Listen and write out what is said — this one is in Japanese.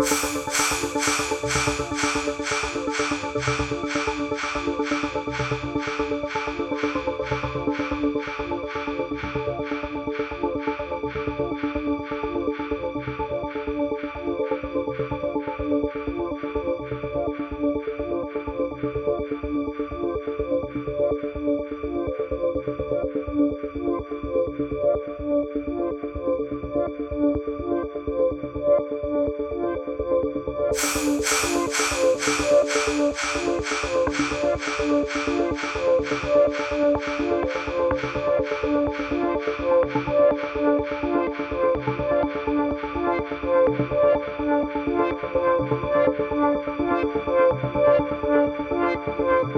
フフフフ Thank you.